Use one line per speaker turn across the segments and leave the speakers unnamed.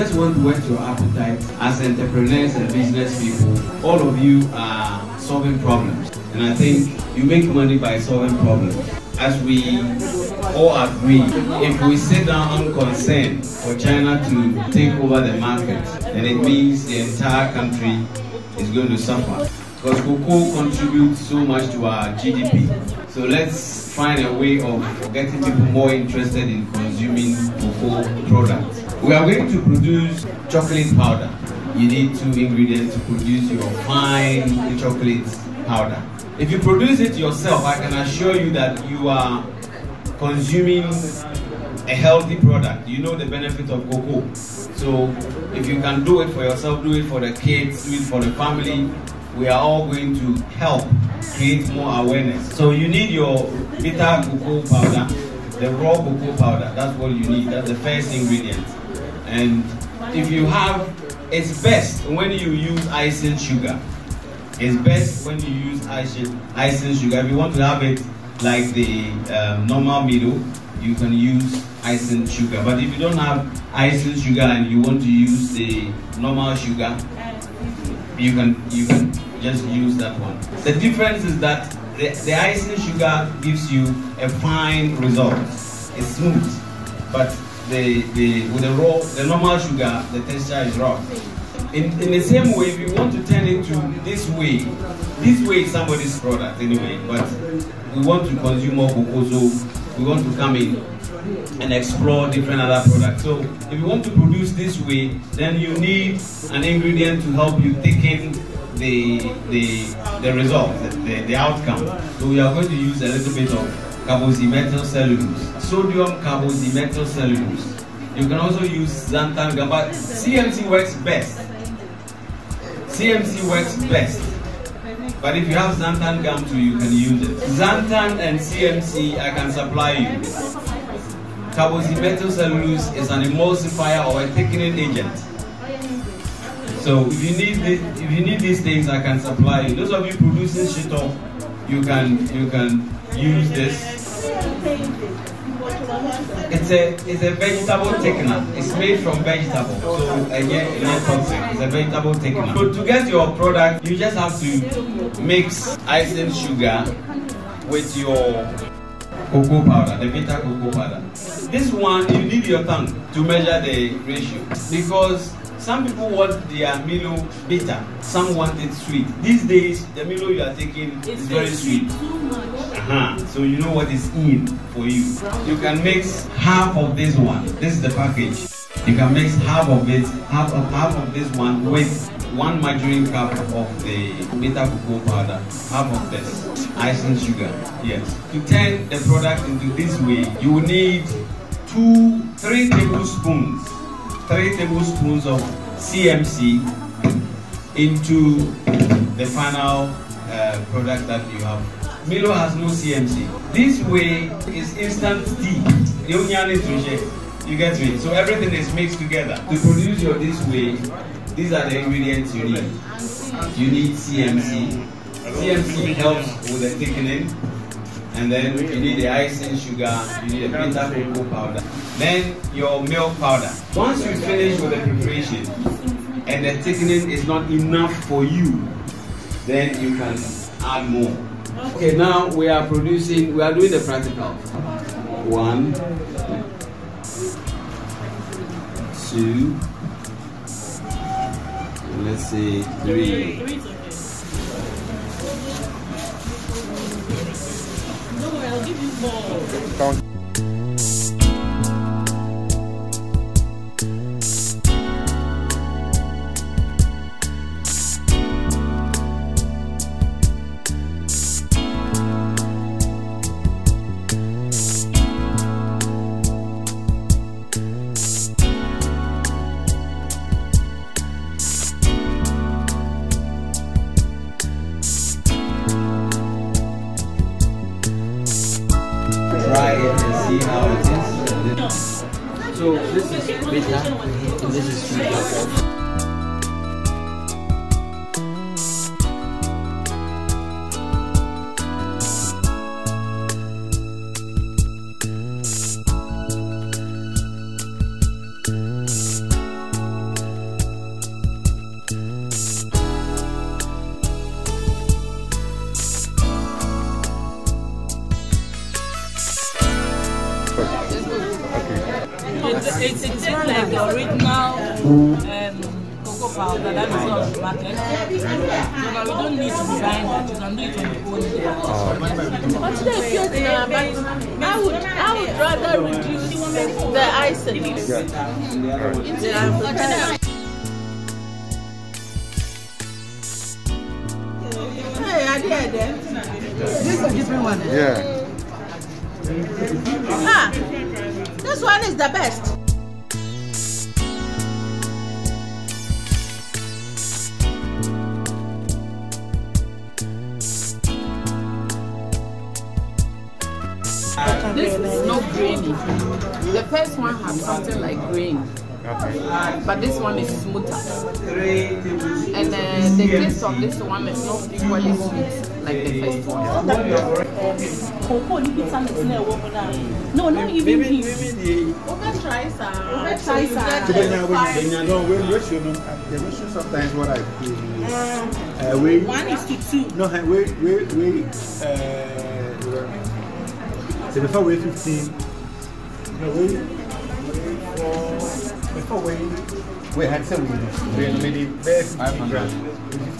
just want to whet your appetite as entrepreneurs and business people. All of you are solving problems, and I think you make money by solving problems. As we all agree, if we sit down unconcerned for China to take over the market, then it means the entire country is going to suffer because cocoa contributes so much to our GDP. So let's find a way of getting people more interested in consuming cocoa products. We are going to produce chocolate powder. You need two ingredients to produce your fine chocolate powder. If you produce it yourself, I can assure you that you are consuming a healthy product. You know the benefit of cocoa. So if you can do it for yourself, do it for the kids, do it for the family, we are all going to help create more awareness. So you need your bitter cocoa powder, the raw cocoa powder. That's what you need. That's the first ingredient. And if you have, it's best when you use icing sugar. It's best when you use icing, icing sugar. If you want to have it like the um, normal Milo, you can use icing sugar. But if you don't have icing sugar and you want to use the normal sugar, you can you can just use that one. The difference is that the, the icing sugar gives you a fine result. It's smooth, but the, the, with the raw, the normal sugar, the texture is rough. In, in the same way, if you want to turn it to this way, this way is somebody's product anyway, but we want to consume more cocoa, so we want to come in and explore different other products. So if you want to produce this way, then you need an ingredient to help you thicken the, the, the result, the, the, the outcome. So we are going to use a little bit of carboxymethyl cellulose, sodium carboxymethyl cellulose. You can also use xanthan gum, but CMC works best. CMC works best. But if you have xanthan gum too, you can use it. Xanthan and CMC, I can supply you. Carboxymethyl cellulose is an emulsifier or a thickening agent. So if you need this, if you need these things, I can supply you. Those of you producing shit off you can you can use this. It's a it's a vegetable thickener. It's made from vegetable. So again, It's a vegetable thickener. So to get your product, you just have to mix icing sugar with your cocoa powder, the bitter cocoa powder. This one, you need your tongue to measure the ratio because some people want their Milo bitter, some want it sweet. These days, the Milo you are taking it's is very sweet. Too Uh -huh. So you know what is in for you. You can mix half of this one. This is the package. You can mix half of it, half of, half of this one with one margarine cup of the bitter cocoa powder, half of this, icing sugar. Yes. To turn the product into this way, you need two, three tablespoons 3 tablespoons of CMC into the final uh, product that you have. Milo has no CMC. This way is instant tea. You get me? So everything is mixed together. To produce your this way, these are the ingredients you need. You need CMC. CMC helps with the thickening and then you need the icing sugar, you need the bitter cocoa powder, then your milk powder. Once you finish with the preparation and the thickening is not enough for you, then you can add more. Okay, now we are producing, we are doing the practical. One, two, let's say three. Quand... try it and see how it is. So this is beta and this is sweet. It's, a it's like the original um, cocoa powder that is on the market. So we don't need to design that. You can do it on your own. but cute I would, I would rather reduce the ice Hey, I did.
This is a different one.
Yeah. This one is the best. this is not grainy. The first one has something like grain. Okay. But this one is smoother. And uh, the taste of this one is not equally sweet like the first one. No, not even this. Over try some. Over try some. Sometimes what I do mm. uh, we, one is to two. No, we we we uh, so before we fifteen. No, we, we four for weighing? Wait, I we weigh maybe bare 15 grams.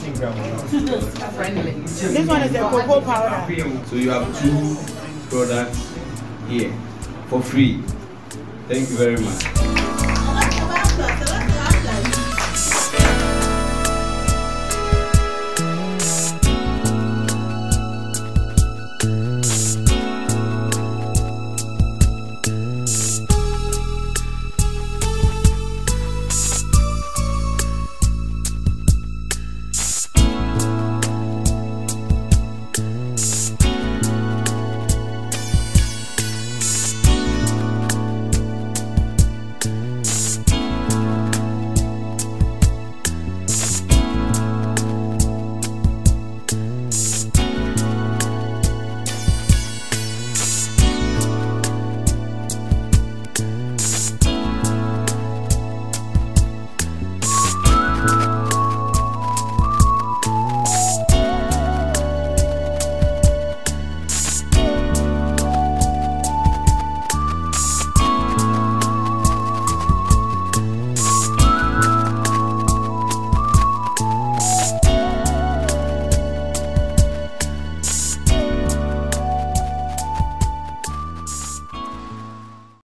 15 grams. this one is a cocoa powder. So you have two products here for free. Thank you very much.